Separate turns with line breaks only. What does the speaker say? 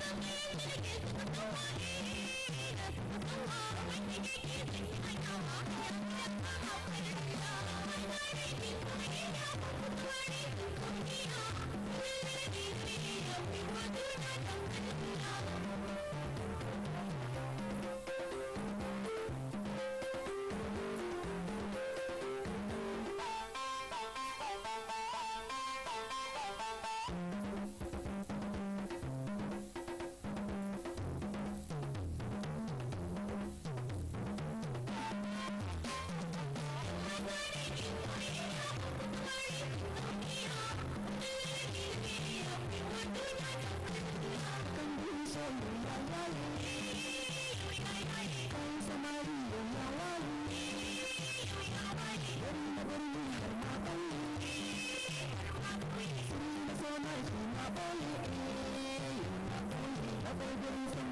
Okay, okay, okay. I'm